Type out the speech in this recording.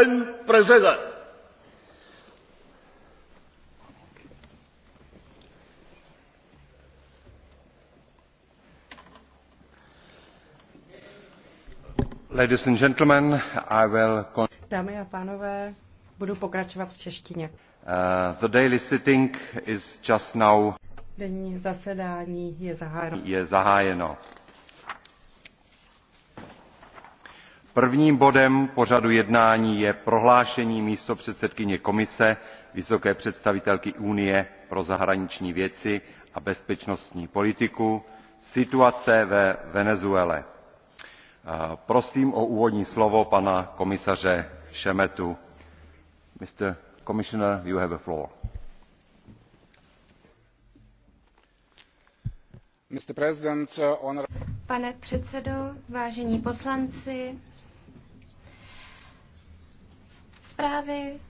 and gentlemen, I will... Dámy a pánové, budu pokračovat v češtině. Uh, the daily sitting is just now... Denní zasedání je zahájeno. Je zahájeno. prvním bodem pořadu jednání je prohlášení místopředsedkyně komise vysoké představitelky unie pro zahraniční věci a bezpečnostní politiku situace ve venezuele. prosím o úvodní slovo pana komisaře šemetu. Mr. President, uh, pane předsedo, vážení poslanci, zprávy